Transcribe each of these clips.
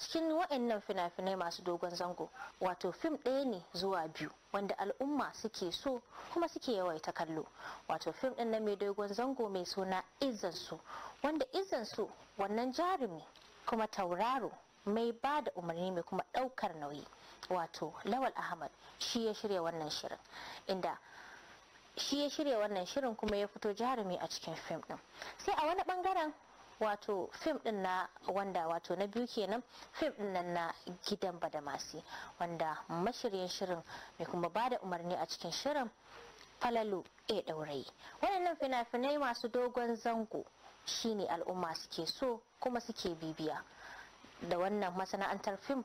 cikin wa'annan fina-finai masu dogon zango wato fim ɗaya ne zuwa biyu wanda al'umma suke so kuma suke yawaita kallo wato fim ɗin na mai dogon zango mai suna izansu wanda su wannan jarumi kuma tauraro mai ba da umarni mai kuma ɗaukar nauyi wato lawal ahmad shi ya shirya wannan shirin inda shi ya shirya wannan shirin kuma ya fito jarumi a cikin fim ɗin sai a wani ɓangaren wato fim din na wanda wato na biyu kenan fim din nan na gidan badamasi wanda mashiryin shirin mai kuma bada umarni a cikin shirin falalu a ɗaurayi waɗannan fina-finai masu dogon zango shine al'umma suke so kuma suke bibiya da wannan masana'antar fim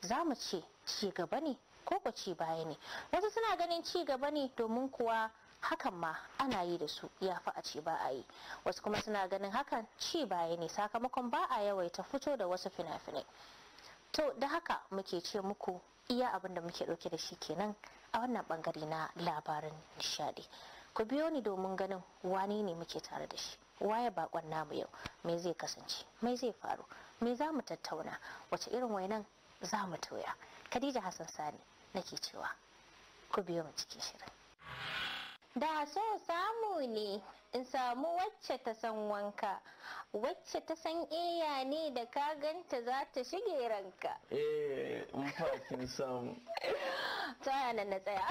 za mu ce ci gaba ne ko ci baya ne wasu suna ganin ci gaba ne domin kuwa hakan ma ana yi da su ya fi a ce ba a yi wasu kuma suna ganin hakan ci baya ne sakamakon ba a yawaita fito da wasu fina-finai to da haka muke ce muku iya abin da muke ɗauke da shi kenan a wannan bangare na labarin nishadi ku biyo ni domin ganin wani ne muke tare da shi waye bakon namu yau me zai kasance me zai faru me za mu tattauna wace irin wainan za mu toya khadija hassan sani nake cewa ku biyo mu cikin shirin da so samu ne in samu wacce ta san wanka wacce ta san eya ne da ka ganta za ta shige ranka eh in samu ta yana na tsaya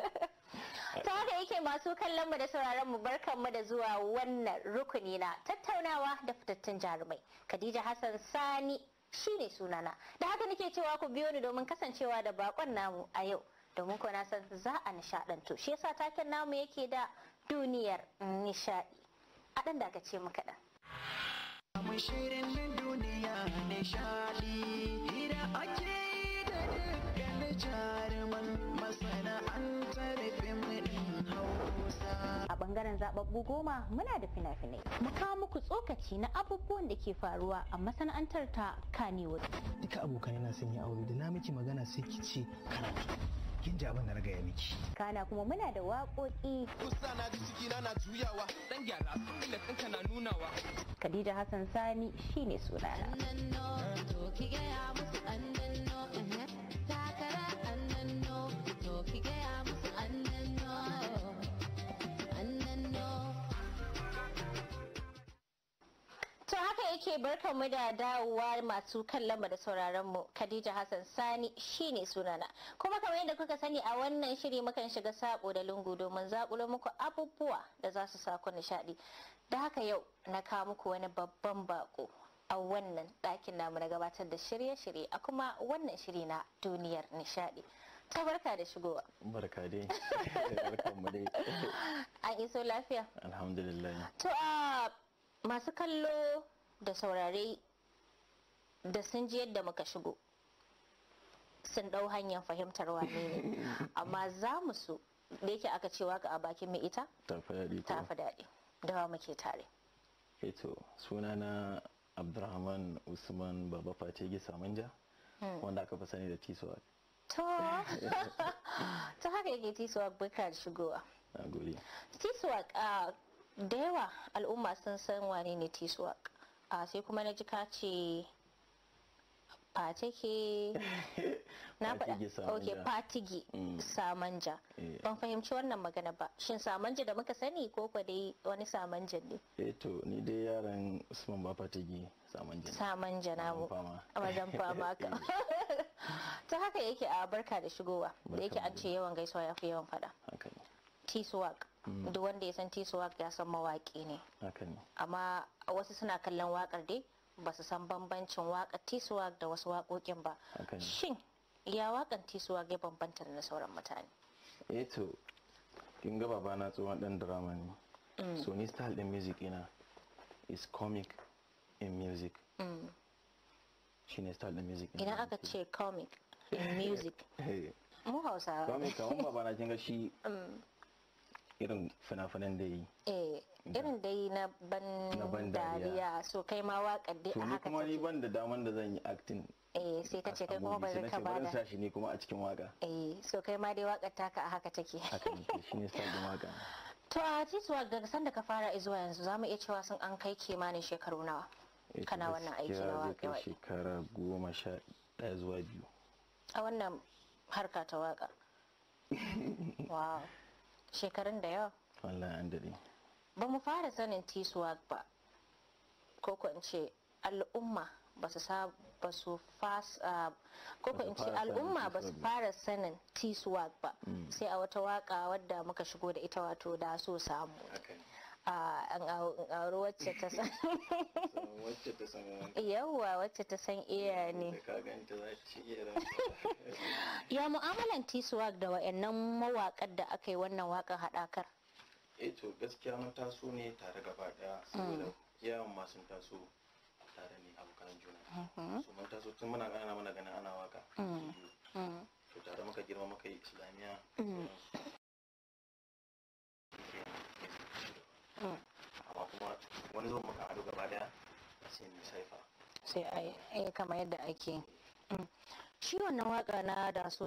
ta haka yake masu kallon mu da sauraron mu barkan mu da zuwa wannan rukuni na tattaunawa da fitattun jarumai khadija hassan sani shine sunana da haka nake cewa ku biyo ni domin kasancewa da bakon namu a yau domin ko na san za a nishaɗanto shi yasa taken namu yake da duniyar nishaɗi a ɗan daga ce muka kaɗan. duniya A bangaren zababbu goma muna da fina-finai. Mu kawo muku tsokaci na abubuwan da ke faruwa a masana'antar ta Kanewood. Duka abokanai na sanya aure da na miki magana sai ki ce karatu. cikin ji da na gaya miki kana kuma muna da waƙoƙi kusa na ji ciki na juyawa dan gyara illa ɗinka na nunawa Khadija Hassan Sani shine sunana. to gaya musu takara haka yake barkan mu da dawowa masu kallon mu da sauraron mu Khadija Hassan Sani shine sunana. Kuma kamar yadda kuka sani a wannan shiri mukan shiga sako da lungu domin zakulo muku abubuwa da za su sa ku nishadi. Da haka yau na kawo muku wani babban bako a wannan ɗakin namu na gabatar da shirye-shirye a kuma wannan shiri na duniyar nishadi. ta barka da shigowa barka dai barkan mu dai an iso lafiya alhamdulillah to a ah, masu kallo da saurare da sun ji yadda muka shigo sun ɗau hanyar fahimtar wane ne amma za mu so da yake aka cewa ga a bakin mai ita ta fi daɗi dawa muke tare eto eh suna na abdurrahman usman baba face gisa manja hmm. wanda aka fi sani da tisuwa to ta haka yake tisuwa bukar shigowa na gode tisuwa da yawa al'umma sun san wane ne tiswak a sai kuma na ji ka ce pateke na faɗa ok fatigi mm. samanja eh. ban fahimci wannan magana ba shin samanja da muka sani ko kwa dai wani samanjan ne eto eh to ni dai yaran usman ba fatigi samanja samanja na mu a wajen fama ka eh. ta haka yake a barka da shigowa da yake an ce yawan gaisuwa ya fi yawan faɗa tiswak Mm. duk wanda ya san tiso ya san mawaƙi ne amma wasu suna kallon waƙar dai ba su san bambancin waƙar tiso da wasu waƙoƙin ba shin ya waƙar tiso ya bambanta da sauran mutane eh to kin ga babana tsohon dan drama ne mm. so ni style din music ina is comic in music mm. Shi ne style din music ina aka ce comic in music eh. mu hausa comic kamar babana kin ga shi irin fina-finan da yi eh irin da yi na ban dariya so kai ma waƙar dai a haka kuma ni ban da daman da zan yi acting eh sai ka ce kai kuma ba zai ka ba da sashi ne kuma a cikin waka eh so kai ma dai waƙar taka a haka take haka ne sai da waka to a tituwa daga da ka fara zuwa yanzu zamu iya cewa sun an kai kimanin shekaru nawa eh, kana wannan aiki na waƙe waƙe shekara goma sha ɗaya zuwa biyu a wannan harka ta waƙa wow shekarun da yawa wallahi an dade ba mu fara sanin tisuwa ba ko ko in ce al'umma ba su ba su ah, ko ko in ce al'umma ba su fara sanin tisuwa ba mm. sai a wata waka wadda muka shigo da ita wato da so samu okay. auri wacce ta san wacce ta san yawwa wacce ta san iya ne ya mu'amalan tiswag da wa'annan mawaƙar da aka yi wannan waƙar haɗakar eh to gaskiya mun taso ne tare gaba ɗaya saboda mm. yawan ma sun taso tare ne abokan juna mm-hmm. so mun taso tun muna ƙanana muna ganin ana waka mm. mm. to tare muka girma muka yi islamiyya. amma kuma wani zo muka ado gaba daya sai mu saifa sai a yi eh, kamar yadda ake mm. shi wannan waka na da so